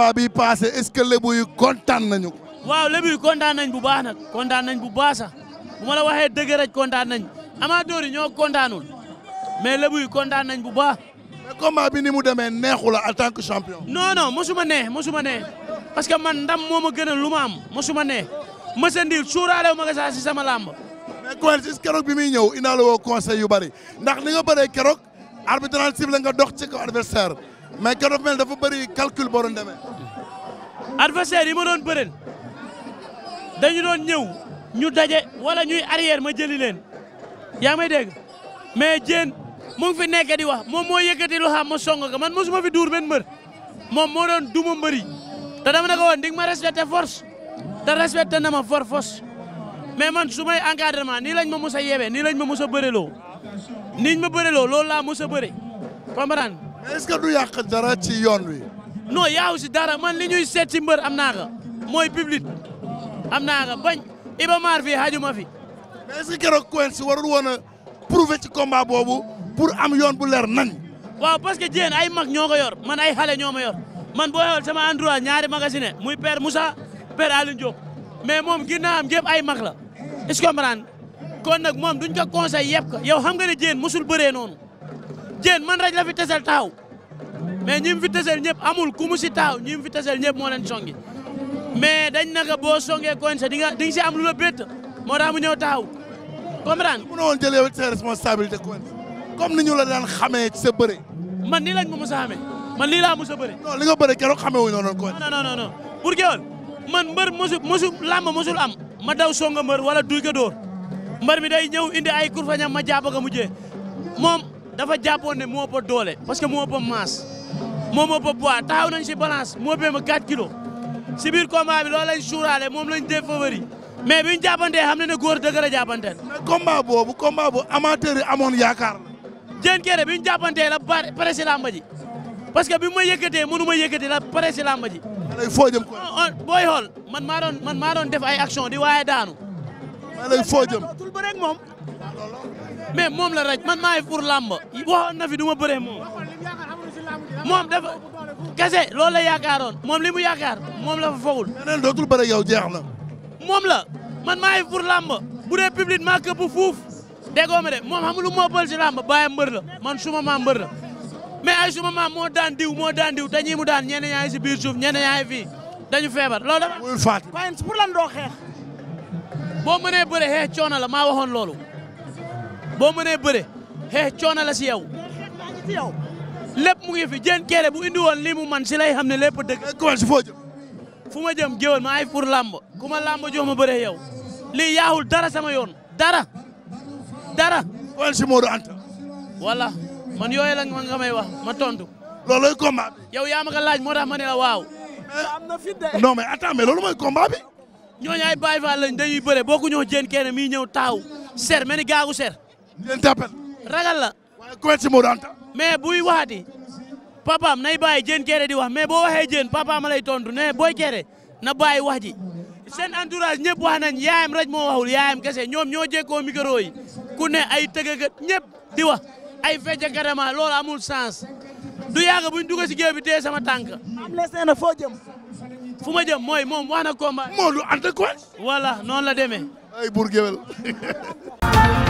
combat bi passé est-ce que lébu yi kontaan nañu. waaw lébu yi kontaan nañ bu baax nag kontaan nañ bu baa sa bu ma la waxee dëgg rek kontaan nañ amateur yi ñoo kontaan kontaanul mais lébu yi kontaan nañ bu baax. mais combat bi ni mu demee neexu la en tant que champion. non non mosuma neex mosuma neex parce que man ndam moo ma gënal lu ma am mosuma neex ma ndiir suuraale ma nga saa si sama làmb. mais Quench bi muy ñëw indaale woo conseil yu bari ndax li nga bëree keroog arbitre siffle nga dox ci ko mais keroog mel dafa bëri calcul boo doon demee. adversaire yi ma doon bëreel dañu doon ñëw ñu daje wala ñuy arrière ma jëli leen yaa may dégg mais jéen mu ngi fi nekk di wax moom moo yëkkati lu xam ma song ko man mosuma fi duur benn mbër moom moo doon duma mbëri te dama ne ko woon dig ma respecté force te respecté na ma for force mais man su may encadrement nii lañ ma mos a yebee nii lañ ma mos a bëreloo niñ ma bëreloo loolu laa mos a bëre comprendre mais est-ce du yàq dara ci yoon wi. non yaaw si dara man li ñuy seet ci mbër am naa ko mooy public am naa ko bañ Iba Mar fii xaju ma fi. mais est-ce que keroog Quench warul woon a prouver ci combat boobu pour am yoon bu leer nañ. waaw parce que jéen ay mag ñoo ko yor man ay xale ñoo ma yor man boo yor sama endroit ñaari magasine muy père Moussa père Alioune Diop mais moom am gépp ay mag la est-ce que comprendre kon nag moom duñ ko conseil yëpp ko yow xam nga ne jéen mosul bëree noonu. jéen man rek la fi tesel taaw mais ñi mu fi tesel ñëpp amul ku mu si taaw ñi mu fi tesel ñëpp moo leen songi mais dañ naka boo songee Quench di nga di nga si am lu la bett moo tax mu ñëw taaw comprendre nga. mënoon jëlee wut sa responsabilité Quench comme ni ñu la daan xamee ci sa bëre. man nii lañ ma mos a man lii laa mos a bëre. non li nga bëre keroog xamee wu ñu noonu Quench. non non non pour que man mbër mosu mosu làmb mosul am. ma daw songa mbër wala duy ko dóor mbër mi day ñëw indi ay kurfañam ma jàpp ko mujjee moom dafa jàppoon ne moo ëpp doole parce que moo ëpp masse moo moo ëpp poids taxaw nañ si balance moo ëppee ma 4 kilos si biir combat bi loolu lañ moom lañ défavori mais bi ñu jàppantee xam ne ne góor dëgg la jàppanteel. mais combat boobu combat bu amateur yi amoon yaakaar la. Diène Kairé bi ñu jàppantee la pare pare si parce que bi ma yëkkatee mënu ma yëkkati la pare si làmba ji. lay foo jëm ko oh, oh, booy xool man maa doon man maa doon def ay action di waaye daanu. lay foo jëm moom. mais moom la raj man maay pour làmb waxoon na fi duma ma bëree moom moom dafa kese lool la yaakaaroon moom li mu yaakaar moom la fa fogul neen dootul bëre yow jeex na moom la man maay pour làmb bu dee public maa këpp fuuf déggoo ma de moom xamul lu moo si làmb bàyyi mbër la man suma ma mbër la mais ay suma ma moo daan diw moo daan diw dañuy daan ñeneen ñaa ngi si biir suuf ñeneen ñaa ngi dañu feebar loolu dafa. muy faat waaye lan doo xeex. boo mënee bëre xeex coono la maa waxoon loolu. boo mënee bëre xeex coono la si yow. lépp mu ngi fi jën keere bu indi woon lii mu man si lay xam ne lépp dëgg. Eh, commencé foo jëm. fu ma jëm géwal ma ay pour làmb ku ma làmb jox ma bëre yow lii yaaxul dara sama yoon dara dara. xoolal si Modou Anta. voilà man yooyu la nga may wax ma tontu. loolooy combat bi. yow yaa ma ko laaj moo tax ma la waaw. am na fi de. non mais attends mais loolu mooy combat bi. ñooñu ay Baye Fall lañ dañuy bëre boo ko ñëw jën keere mi ñëw taaw ser mel ni ngeen jàppal ragal la waaye ku wet ci Modou Anta buy waxati papaam nay bàyyi jën kere di wax mais boo waxee jën papaam lay tontu ne booy kere na bàyyi wax ji seen entourage ñëpp wax nañ yaayam rek moo waxul yaayam kese ñoom ñoo jekkoo micro yi ku ne ay tëgëkat ñëpp di wax ay fecca garama loolu amul sens du yàgg buñ dugg si géew bi tee sama tànk foo jëm fu ma jëm mooy moom wax na combat Modou Anta quoi voilà noonu la demee ay buur